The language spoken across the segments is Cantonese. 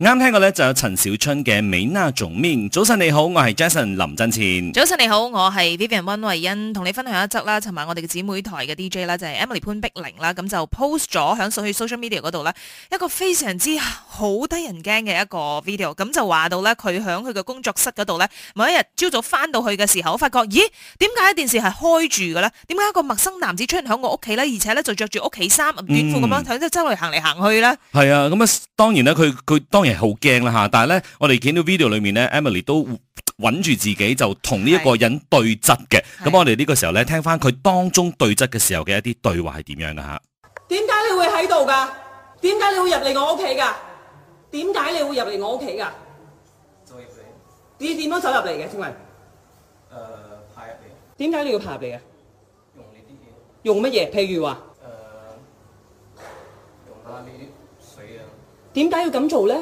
啱聽過咧，就有陳小春嘅《美娜總面》。早晨你好，我係 Jason 林振前。早晨你好，我係 Vivian 温慧欣，同你分享一則啦。尋晚我哋嘅姊妹台嘅 DJ ling, 啦，就係 Emily 潘碧玲啦，咁就 post 咗響上去 social media 嗰度咧，一個非常之好得人驚嘅一個 video。咁就話到咧，佢響佢嘅工作室嗰度咧，某一日朝早翻到去嘅時候，發覺咦，點解電視係開住嘅咧？點解一個陌生男子出現響我屋企咧？而且咧，就着住屋企衫短褲咁樣響啲周圍行嚟行去咧？係啊，咁啊，當然咧，佢佢當。好驚啦吓，但係咧，我哋見到 video 裏面咧，Emily 都穩住自己，就同呢一個人對質嘅。咁是我哋呢個時候咧，聽翻佢當中對質嘅時候嘅一啲對話係點樣噶吓？點解你會喺度噶？點解你會入嚟我屋企噶？點解你會入嚟我屋企噶？走入嚟。你點樣走入嚟嘅，請問，呃？誒，爬入嚟。點解你要爬入嚟？用呢啲嘢，用乜嘢？譬如話誒，用下呢啲水啊。點解要咁做咧？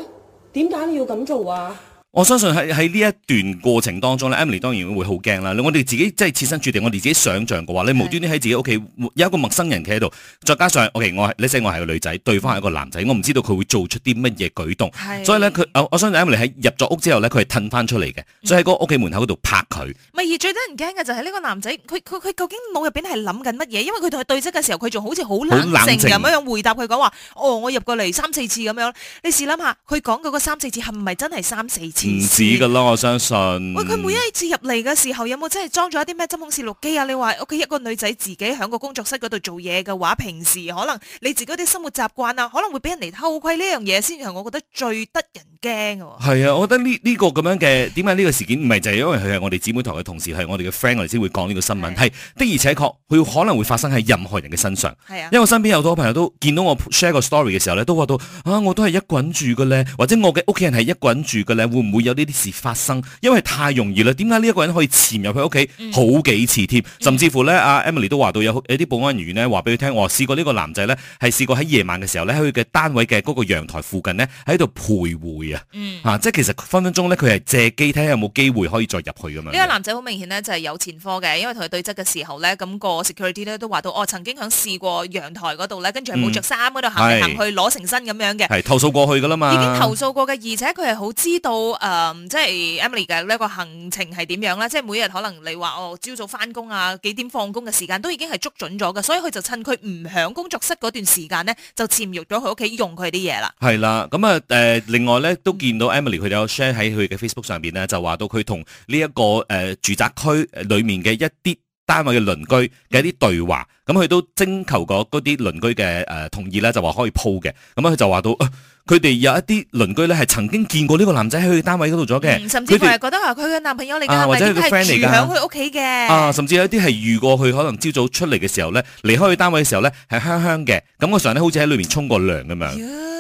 點解你要咁做啊？我相信喺喺呢一段過程當中咧，Emily 當然會好驚啦。我哋自己即係設身處地，我哋自己想象嘅話你的無端端喺自己屋企有一個陌生人企喺度，再加上 O.K. 我你呢我係個女仔，對方係一個男仔，我唔知道佢會做出啲乜嘢舉動。的所以咧我相信 Emily 喺入咗屋之後咧，佢係褪翻出嚟嘅，所以喺個屋企門口嗰度拍佢。咪、嗯、而最得人驚嘅就係呢個男仔，佢佢佢究竟腦入邊係諗緊乜嘢？因為佢同佢對質嘅時候，佢仲好似好冷靜咁樣回答佢講話。哦，我入過嚟三四次咁樣，你試諗下，佢講嗰個三四次係咪真係三四次？唔止噶咯，我相信。喂，佢每一次入嚟嘅時候，有冇真係裝咗一啲咩針孔攝錄機啊？你話屋企一個女仔自己喺個工作室嗰度做嘢嘅話，平時可能你自己啲生活習慣啊，可能會俾人嚟偷窺呢樣嘢，先係我覺得最得人驚嘅。係啊，我覺得呢呢、呢個咁樣嘅，點解呢個事件唔係唉就係、是、因為佢係我哋姊妹台嘅同事，係我哋嘅 friend，我哋先會講呢個新聞。係是的而且確，佢可能會發生喺任何人嘅身上。係啊，因為我身邊有好多朋友都見到我 share 個 story 嘅時候咧，都話到啊，我都係一個人住嘅咧，或者我嘅屋企人係一個人住嘅咧，會會有呢啲事發生，因為太容易啦。點解呢一個人可以潛入佢屋企好幾次添？甚至乎咧，阿、嗯啊、Emily 都話到有有啲保安人員咧話俾佢聽，我試、哦、過呢個男仔咧係試過喺夜晚嘅時候咧喺佢嘅單位嘅嗰個陽台附近呢，喺度徘徊、嗯、啊，即係其實分分鐘咧佢係借機睇下有冇機會可以再入去咁樣。呢個男仔好明顯咧就係、是、有前科嘅，因為同佢對質嘅時候咧，咁、那個 security 咧都話到，我、哦、曾經響試過陽台嗰度咧，跟住係冇着衫嗰度行行去攞行成身咁樣嘅，係、嗯、投訴過去噶啦嘛，已經投訴過嘅，而且佢係好知道。誒，即係 Emily 嘅呢一個行程係點樣咧？即係每一日可能你話哦，朝早翻工啊，幾點放工嘅時間都已經係捉準咗嘅，所以佢就趁佢唔響工作室嗰段時間咧，就潛入咗佢屋企用佢啲嘢啦。係啦，咁啊誒，另外咧都見到 Emily 佢有 share 喺佢嘅 Facebook 上邊咧，就話到佢同呢一個誒住宅區誒裡面嘅一啲單位嘅鄰居嘅一啲對話，咁佢都徵求過嗰啲鄰居嘅誒同意咧，就話可以鋪嘅，咁佢就話到。佢哋有一啲鄰居咧，係曾經見過呢個男仔喺佢單位嗰度咗嘅，甚至佢係們覺得話佢嘅男朋友嚟噶，啊，或者佢個 friend 嚟嘅，佢屋企嘅，啊，甚至有一啲係遇過佢可能朝早出嚟嘅時候咧，離開佢單位嘅時候咧，係香香嘅，咁個常咧好似喺裏面沖過涼咁樣。Yeah.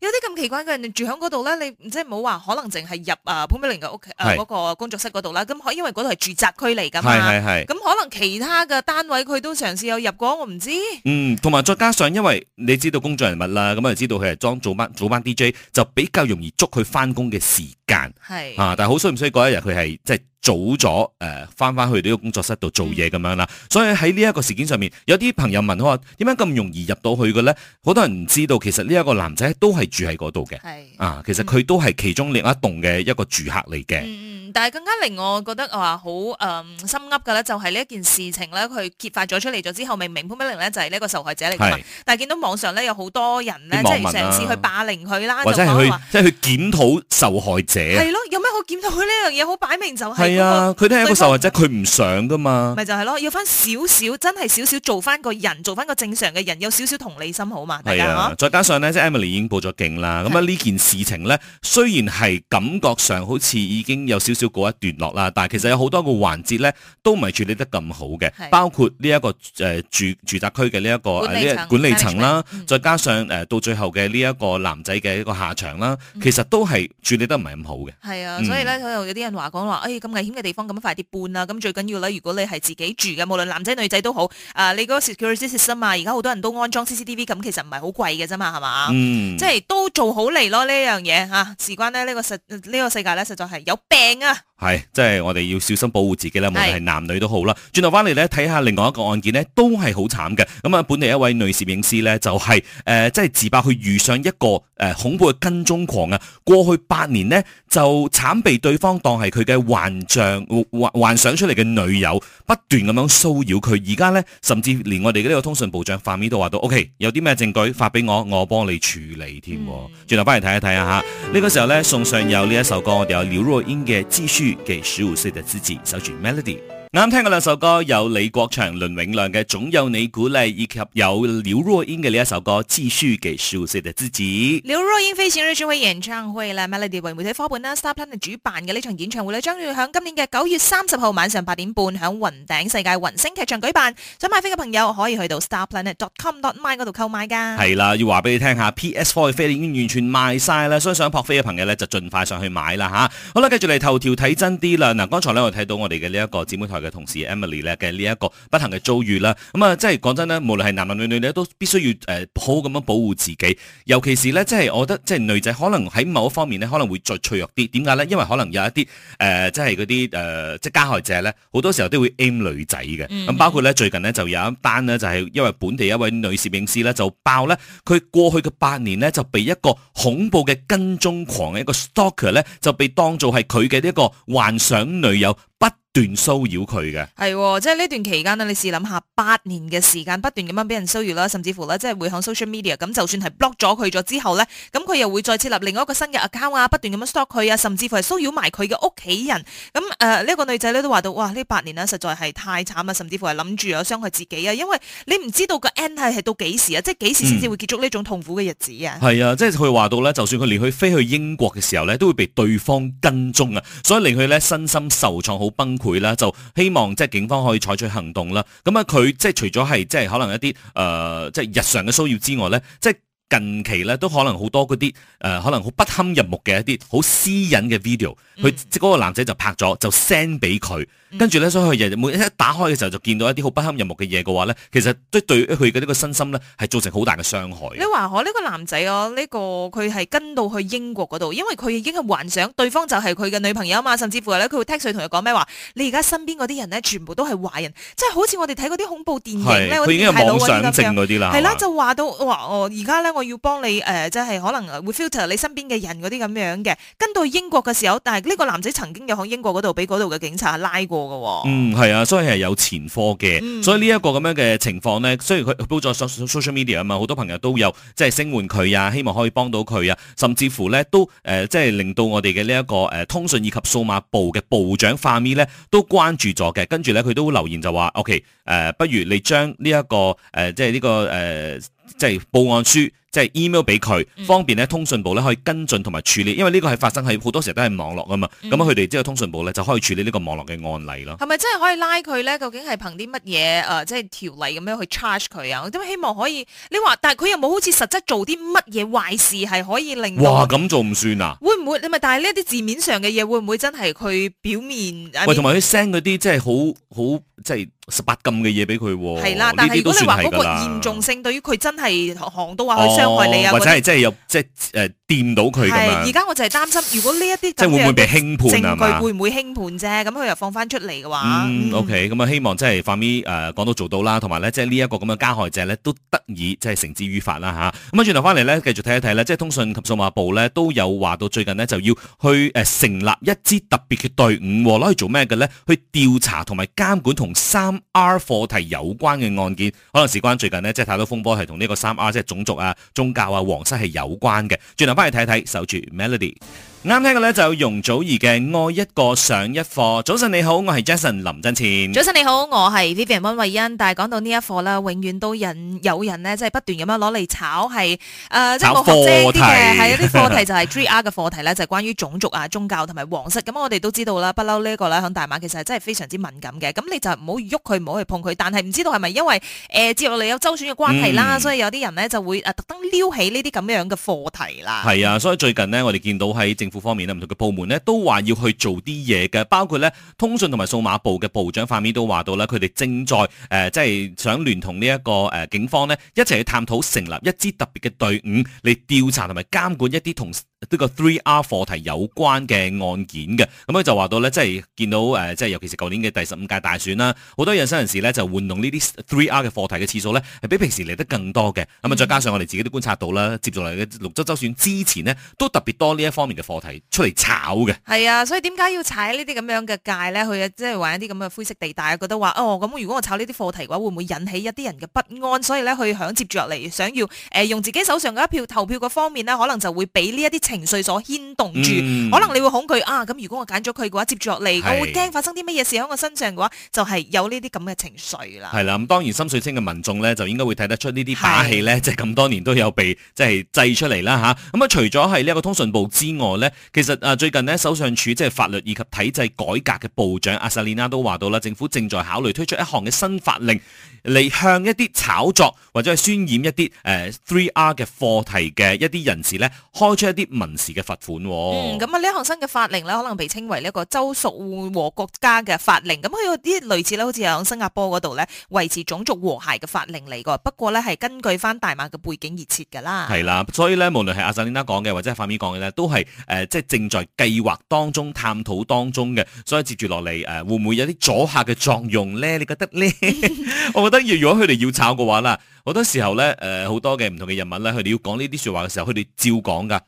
有啲咁奇怪嘅人住喺嗰度咧，你即係冇話可能淨係入啊潘美玲嘅屋企啊個工作室嗰度啦，咁可因為嗰度係住宅區嚟噶嘛，咁可能其他嘅單位佢都嘗試有入過，我唔知。嗯，同埋再加上因為你知道工作人物啦，咁啊知道佢係裝早班早班 DJ，就比較容易捉佢返工嘅時間。係是啊，但係好衰唔衰嗰一日佢係即係？早咗誒，返返去呢個工作室度做嘢咁樣啦。所以喺呢一個事件上面，有啲朋友問我：點解咁容易入到去嘅咧？好多人唔知道，其實呢一個男仔都係住喺嗰度嘅。係啊，其實佢都係其中另一棟嘅一個住客嚟嘅。嗯嗯，但係更加令我覺得話好誒心噏嘅咧，就係呢一件事情咧，佢揭發咗出嚟咗之後，明明潘美玲咧就係呢個受害者嚟嘅。係，但係見到網上咧有好多人咧，即係嘗試去霸凌佢啦，或者去即係去檢討受害者。係咯，有咩好檢討佢？呢樣嘢好擺明就係。呀，佢都係一個受害者，佢唔想噶嘛。咪就係咯，要翻少少，真係少少做翻個人，做翻個正常嘅人，有少少同理心好嘛，大家。再加上咧，即係 Emily 已經報咗警啦。咁啊，呢件事情咧，雖然係感覺上好似已經有少少告一段落啦，但係其實有好多個環節咧，都唔係處理得咁好嘅。包括呢一個誒住住宅區嘅呢一個管理層啦，再加上誒到最後嘅呢一個男仔嘅一個下場啦，其實都係處理得唔係咁好嘅。係啊，所以咧，佢又有啲人話講話，誒，今險嘅地方咁快啲搬啦、啊！咁最緊要咧，如果你係自己住嘅，無論男仔女仔都好，啊，你嗰個 security system 啊而家好多人都安裝 CCTV，咁其實唔係好貴嘅啫嘛，係嘛，嗯、即係都做好嚟咯樣、啊、呢樣嘢吓，事關咧呢個實呢、呃這個世界咧，實在係有病啊！係，即係我哋要小心保護自己啦，無論係男女都好啦。轉頭翻嚟咧，睇下另外一個案件呢，都係好慘嘅。咁啊，本地一位女攝影師呢，就係、是、誒、呃，即係自白佢遇上一個誒、呃、恐怖嘅跟蹤狂啊！過去八年呢，就慘被對方當係佢嘅幻象幻、呃、幻想出嚟嘅女友，不斷咁樣騷擾佢。而家呢，甚至連我哋嘅呢個通訊部長發 email 都話到：，O、okay, K，有啲咩證據發俾我，我幫你處理添。轉頭翻嚟睇一睇啊！吓，呢、這個時候呢，送上有呢一首歌，我哋有廖若，若英嘅《知書》。給十五歲的自己，小曲 melody。啱聽過兩首歌，有李國祥、倫永亮嘅《總有你鼓勵》，以及有劉若英嘅呢一首歌《寄書給十五歲的自己》。劉若英飛展開演唱會啦！Melody 為媒體伙伴啦，Starplanet 主辦嘅呢場演唱會咧，將要響今年嘅九月三十號晚上八點半響雲頂世界雲星劇場舉辦。想買飛嘅朋友可以去到 Starplanet.com.my 嗰度購買噶。係啦，要話俾你聽下，PS Four 嘅飛已經完全賣晒啦，所以想撲飛嘅朋友呢就盡快上去買啦吓。好啦，繼續嚟頭條睇真啲啦。嗱，剛才呢，我睇到我哋嘅呢一個姊妹台同事 Emily 咧嘅呢一個不幸嘅遭遇啦，咁、嗯、啊，即係講真咧，無論係男男女女咧，都必須要誒、呃、好咁樣保護自己，尤其是咧，即係我覺得，即係女仔可能喺某一方面咧，可能會再脆弱啲。點解咧？因為可能有一啲誒、呃，即係嗰啲誒，即係加、呃、害者咧，好多時候都會 aim 女仔嘅。咁、嗯、包括咧，最近呢，就有一單呢，就係、是、因為本地一位女攝影師咧就爆咧，佢過去嘅八年呢，就被一個恐怖嘅跟蹤狂嘅一個 stalker 咧就被當做係佢嘅呢一個幻想女友。不斷騷擾佢嘅係，即係呢段期間咧，你試諗下八年嘅時間，不斷咁樣俾人騷擾啦，甚至乎咧，即係會響 social media 咁，就算係 block 咗佢咗之後呢，咁佢又會再設立另外一個新嘅 account 啊，不斷咁樣 stalk 佢啊，甚至乎係騷擾埋佢嘅屋企人。咁，誒，呢個女仔咧都話到，哇，呢八年咧，實在係太慘啊，甚至乎係諗住啊，傷害自己啊，因為你唔知道個 end 係到幾時啊，即係幾時先至會結束呢種痛苦嘅日子啊？係啊、嗯，即係佢話到咧，就算佢連佢飛去英國嘅時候咧，都會被對方跟蹤啊，所以令佢咧身心受創好崩潰啦，就希望即係警方可以採取行動啦。咁 啊樂，佢即係除咗係即係可能一啲誒即係日常嘅騷擾之外咧，即係近期咧都可能好多嗰啲誒可能好不堪入目嘅一啲好私隱嘅 video，佢即係嗰個男仔就拍咗就 send 俾佢。嗯、跟住咧，所以佢日日每一一打開嘅時候，就見到一啲好不堪入目嘅嘢嘅話咧，其實都對佢嘅呢個身心咧係造成好大嘅傷害。你話我呢個男仔哦，呢、呢個佢係跟到去英國嗰度，因為佢已經係幻想對方就係佢嘅女朋友啊嘛，甚至乎咧佢會 text 佢同佢講咩話，你而家身邊嗰啲人咧全部都係壞人，即係好似我哋睇嗰啲恐怖電影咧，嗰啲妄想症嗰啲啦，係啦，吧吧就話到話我而家咧我要幫你誒，即、呃、係、就是、可能會 filter 你身邊嘅人嗰啲咁樣嘅，跟到英國嘅時候，但係呢個男仔曾經有喺英國嗰度俾嗰度嘅警察拉過。嗯，係啊，所以係有前科嘅，嗯、所以這這呢一個咁樣嘅情況咧，雖然佢都咗 social media 啊嘛，好多朋友都有即係聲援佢啊，希望可以幫到佢啊，甚至乎咧都誒、呃、即係令到我哋嘅呢一個誒、呃、通訊以及數碼部嘅部長化咪咧都關注咗嘅，跟住咧佢都留言就話，OK，誒、呃，不如你將呢一個誒、呃、即係呢、這個誒。呃即係報案書，即係 email 俾佢，嗯、方便咧通訊部咧可以跟進同埋處理，因為呢個係發生喺好多時候都係網絡啊嘛。咁佢哋即係通訊部咧就可以處理呢個網絡嘅案例咯。係咪真係可以拉佢咧？究竟係憑啲乜嘢誒？即係條例咁樣去 charge 佢啊？我都希望可以。你話，但係佢又冇好似實質做啲乜嘢壞事，係可以令到哇咁做唔算啊？會唔會你咪？但係呢一啲字面上嘅嘢，會唔會真係佢表面？喂，同埋佢 send 嗰啲即係好好即係。面十八禁嘅嘢俾佢係啦，但係如果你話個嚴重性對於佢真係行都話去傷害你啊，哦、或者係真係有些即係誒掂到佢咁而家我就係擔心，如果呢一啲咁嘅證據會唔會輕判啫？咁佢又放翻出嚟嘅話，O K，咁啊希望即係范咪 i 誒講到做到啦，同埋咧即係呢一個咁嘅加害者咧都得以即係繩之於法啦吓。咁啊轉頭翻嚟咧，繼、啊、續睇一睇咧，即係通訊及數碼部咧都有話到最近呢，就要去誒、呃、成立一支特別嘅隊伍攞去做咩嘅咧？去調查同埋監管同三。三 R 課題有關嘅案件，可能事關最近呢，即係太多風波，係同呢個三 R，即係種族啊、宗教啊、皇室係有關嘅。轉頭翻嚟睇一睇，守住 Melody。啱聽嘅咧就有容祖兒嘅愛一個上一課。早晨你好，我係 Jason 林振前。早晨你好，我係 Vivian 溫慧欣。但係講到呢一課啦，永遠都引有人呢、呃，即係不斷咁樣攞嚟炒係誒，即係冇學識啲嘅，係一啲課題就係 Three R 嘅課題呢 就係關於種族啊、宗教同埋皇室。咁、嗯、我哋都知道啦，不嬲呢一向個咧響大馬其實係真係非常之敏感嘅。咁你就唔好喐佢，唔好去碰佢。但係唔知道係咪因為誒接落嚟有州選嘅關係啦，嗯、所以有啲人呢就會特登撩起呢啲咁樣嘅課題啦。係啊，所以最近呢，我哋見到喺政府。方面咧，唔同嘅部門咧都話要去做啲嘢嘅，包括咧通訊同埋數碼部嘅部長，塊面都話到咧，佢哋正在誒、呃，即係想聯同呢、這、一個誒、呃、警方咧，一齊去探討成立一支特別嘅隊伍嚟調查同埋監管一啲同呢個 Three R 課題有關嘅案件嘅，咁佢就話、是、到呢，即係見到誒，即係尤其是舊年嘅第十五屆大選啦，好多嘅新人士呢，就玩弄呢啲 Three R 嘅課題嘅次數呢，係比平時嚟得更多嘅。咁啊、嗯，再加上我哋自己都觀察到啦，接住落嚟嘅六州州選之前呢，都特別多呢一方面嘅課題出嚟炒嘅。係啊，所以點解要踩呢啲咁樣嘅界呢？佢即係玩一啲咁嘅灰色地帶，覺得話哦，咁如果我炒呢啲課題嘅話，會唔會引起一啲人嘅不安？所以呢，去響接住落嚟，想要誒、呃、用自己手上嘅一票投票嘅方面呢，可能就會俾呢一啲。情緒所牽動住，嗯、可能你會恐懼啊！咁如果我揀咗佢嘅話，接住落嚟，是我會驚發生啲乜嘢事喺我身上嘅話，就係、是、有呢啲咁嘅情緒啦。係啦，咁、嗯、當然深水清嘅民眾呢，就應該會睇得出呢啲把戲呢。即係咁多年都有被即係製出嚟啦吓，咁啊，嗯、除咗係呢一個通訊部之外呢，其實啊，最近呢，首相署即係法律以及體制改革嘅部長阿薩莉娜都話到啦，政府正在考慮推出一項嘅新法令，嚟向一啲炒作或者係渲染一啲誒 Three R 嘅課題嘅一啲人士呢，開出一啲，民事嘅罰款，嗯，咁啊呢項新嘅法令咧，可能被稱為呢個州屬和國家嘅法令，咁佢有啲類似咧，好似喺新加坡嗰度咧維持種族和諧嘅法令嚟㗎，不過咧係根據翻大馬嘅背景而設㗎啦。係啦，所以咧，無論係阿薩利納講嘅，或者係法面講嘅咧，都係誒即係正在計劃當中、探討當中嘅，所以接住落嚟誒，會唔會有啲阻嚇嘅作用咧？你覺得咧？我覺得如果佢哋要炒嘅話啦，好多時候咧誒，好多嘅唔同嘅人物咧，佢哋要講呢啲説話嘅時候，佢哋照講㗎。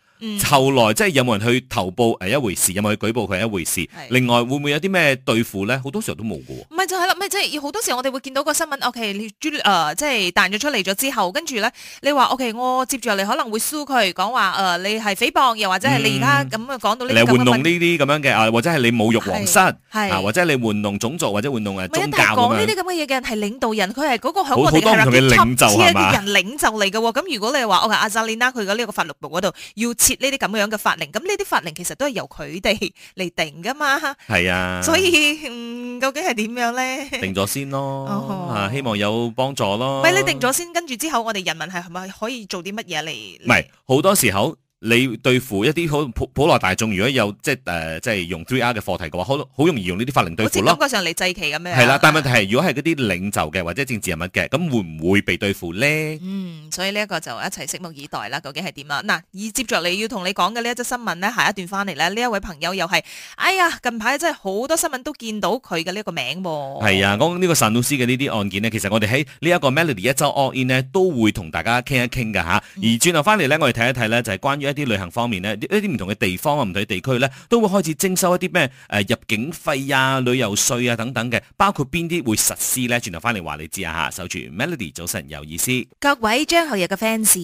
後來即係有冇人去投報係一回事，有冇去舉報佢係一回事。另外會唔會有啲咩對付咧？好多時候都冇嘅。唔係就係啦，唔係即係好多時我哋會見到個新聞，O K 你專誒即係彈咗出嚟咗之後，跟住咧你話 O K 我接住落嚟可能會訴佢，講話誒你係誹謗，又或者係你而家咁啊講到呢啲你玩弄呢啲咁樣嘅，或者係你侮辱皇室，或者你玩弄種族或者玩弄誒宗教啊。講呢啲咁嘅嘢嘅人係領導人，佢係嗰個響我哋嘅立法院嘅人領袖嚟嘅。咁如果你話我阿扎里娜佢嘅呢個法律部嗰度要。設呢啲咁樣嘅法令，咁呢啲法令其實都係由佢哋嚟定㗎嘛。係啊，所以嗯，究竟係點樣咧？定咗先咯，啊，哦吼，希望有幫助咯。喂，你定咗先，跟住之後我哋人民係咪可以做啲乜嘢嚟？唔係，好多時候。你對付一啲好普普羅大眾，如果有即係誒，即係、呃、用 three R 嘅課題嘅話，好好容易用呢啲法令對付咯。好似感覺上你祭旗咁咩？係啦，但係問題係，如果係嗰啲領袖嘅或者政治人物嘅，咁會唔會被對付咧？嗯，所以呢一個就一齊拭目以待啦，究竟係點啦？嗱、啊，而接着你要同你講嘅呢一則新聞咧，下一段翻嚟咧，呢一位朋友又係，哎呀，近排真係好多新聞都見到佢嘅呢個名噃。係啊，講呢個 Sanusi 老師嘅呢啲案件呢，其實我哋喺呢一個 Melody 一周 all in 咧，都會同大家傾一傾噶吓。啊嗯、而轉頭翻嚟咧，我哋睇一睇咧，就係關於。一啲旅行方面呢，一啲唔同嘅地方啊，唔同嘅地區呢，都會開始徵收一啲咩誒入境費啊、旅遊稅啊等等嘅，包括邊啲會實施呢？轉頭翻嚟話你知啊吓，守住 Melody 早晨有意思。各位張學友嘅 fans，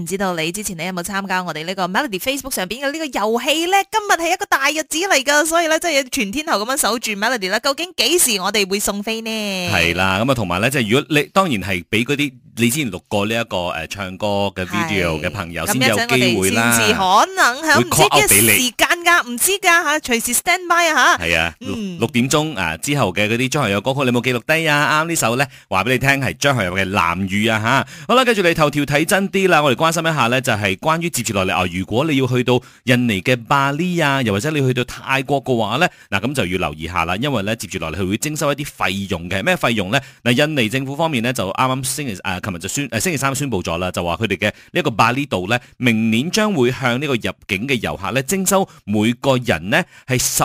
唔知道你之前你有冇參加我哋呢個 Melody Facebook 上邊嘅呢個遊戲呢？今日係一個大日子嚟噶，所以呢，真係全天候咁樣守住 Melody 啦。究竟幾時我哋會送飛呢？係啦，咁啊同埋呢，即係如果你當然係俾嗰啲你之前錄過呢一個誒唱歌嘅 video 嘅朋友是先有機會啦。唔可能嚇，唔知幾時間㗎，唔給你 知㗎嚇，隨時 stand by 啊嚇。係啊，六點鐘啊之後嘅嗰啲張學友歌曲，你有冇記錄低啊？啱呢首咧，話俾你聽係張學友嘅《藍雨》啊嚇。好啦，跟住嚟頭條睇真啲啦，我哋關心一下咧，就係、是、關於接住落嚟啊！如果你要去到印尼嘅巴釐啊，又或者你去到泰國嘅話咧，嗱、啊、咁就要留意下啦，因為咧接住落嚟佢會徵收一啲費用嘅。咩費用咧？嗱、啊，印尼政府方面咧就啱啱星期啊，琴日就宣誒、啊、星期三宣佈咗啦，就話佢哋嘅呢一個巴釐度咧，明年將會會向呢個入境嘅遊客咧徵收每個人咧，係十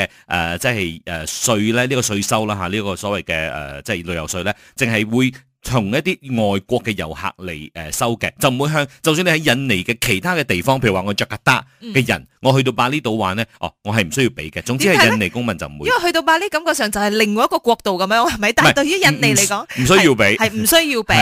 誒誒、呃，即係誒稅咧，呃、呢、這個稅收啦吓，呢個所謂嘅，誒、呃、即係旅遊稅咧，淨係會從一啲外國嘅遊客嚟誒、呃、收嘅，就唔會向就算你喺印尼嘅其他嘅地方，譬如話雅加達嘅人。嗯我去到巴厘島玩呢，哦，我係唔需要俾嘅。總之係印尼公民就唔會。因為去到巴厘感覺上就係另外一個國度咁樣，係咪？但係對於印尼嚟講，唔需要俾，係唔需要俾。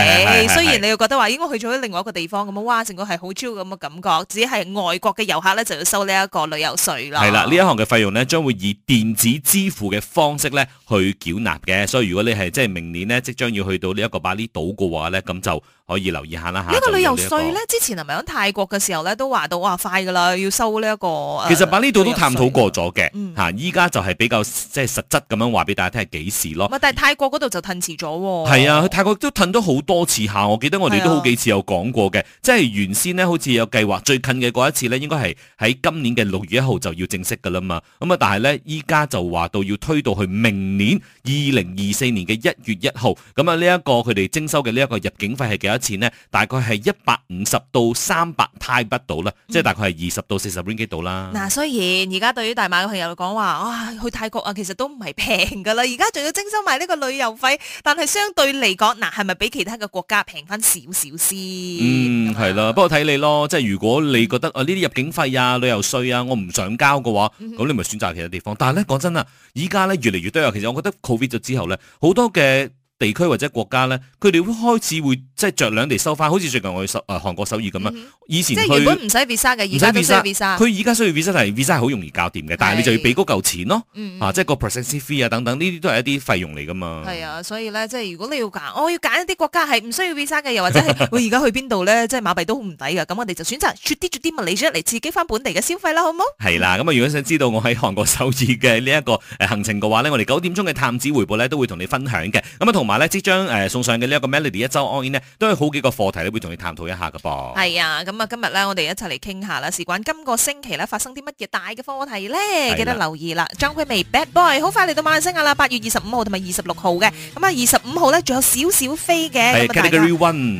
要雖然你會覺得話應該去咗另外一個地方咁樣，哇，成個係好超咁嘅感覺。只係外國嘅遊客呢，就要收呢一個旅遊稅啦。係啦，呢一項嘅費用呢，將會以電子支付嘅方式呢去繳納嘅。所以如果你係即係明年呢，即將要去到呢一個巴厘島嘅話呢，咁就。可以留意下啦嚇。呢個旅遊稅咧，之前係咪響泰國嘅時候咧都話到哇快噶啦，要收呢、這、一個。呃、其實把呢度都探討過咗嘅，嚇、嗯！依家就係比較即係實質咁樣話俾大家聽係幾時咯。但係泰國嗰度就騰遲咗喎。係啊，去泰國都騰咗好多次下，我記得我哋都好幾次有講過嘅，啊、即係原先呢好似有計劃，最近嘅嗰一次呢應該係喺今年嘅六月一號就要正式噶啦嘛。咁啊，但係呢，依家就話到要推到去明年二零二四年嘅一月一號。咁、嗯、啊，呢、這、一個佢哋徵收嘅呢一個入境費係幾多？錢咧大概係一百五十到三百泰幣、嗯、到啦，即係大概係二十到四十蚊幾度啦。嗱，雖然而家對於大馬嘅朋友嚟講話，啊去泰國啊，其實都唔係平噶啦，而家仲要徵收埋呢個旅遊費，但係相對嚟講，嗱係咪比其他嘅國家平翻少少先？嗯，係啦，嗯、不過睇你咯，即係如果你覺得、嗯、啊呢啲入境費啊、旅遊稅啊，我唔想交嘅話，咁、嗯、哼你咪選擇其他地方。但係咧，講真啊，而家咧越嚟越，越多啊，其實我覺得 COVID 咗之後咧，好多嘅。地區或者國家咧，佢哋會開始會即係着兩地收翻，好似最近我去首、呃、韓國首爾咁啊。嗯、以前即係原本唔使 visa 嘅，而家都需 visa。佢而家需要 visa 係 visa 好容易搞掂嘅，是但係你就要俾嗰嚿錢咯，嗯嗯啊、即係個 processing fee 啊等等呢啲都係一啲費用嚟噶嘛。係啊，所以咧，即係如果你要揀，我、哦、要揀一啲國家係唔需要 visa 嘅，又或者係我而家去邊度咧，即係馬幣都好唔抵嘅，咁我哋就選擇儲啲儲啲物嚟咗嚟刺激翻本地嘅消費啦，好唔好？係啦、嗯，咁啊，如果想知道我喺韓國首爾嘅呢一個行程嘅話咧，我哋九點鐘嘅探子回報咧都會同你分享嘅。咁同。話咧即將誒、呃、送上嘅呢一個 melody 一周 o n i 都有好幾個課題咧會同你探討一下嘅噃。係啊，咁、嗯、啊今日咧我哋一齊嚟傾下啦，事關今個星期咧發生啲乜嘢大嘅課題咧，啊、記得留意啦。張惠妹 bad boy 好快嚟到馬來西亞啦，八月二十五號同埋二十六號嘅，咁啊二十五號咧仲有少少飛嘅，係係是大家搶 category one,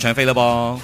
是飛啦噃。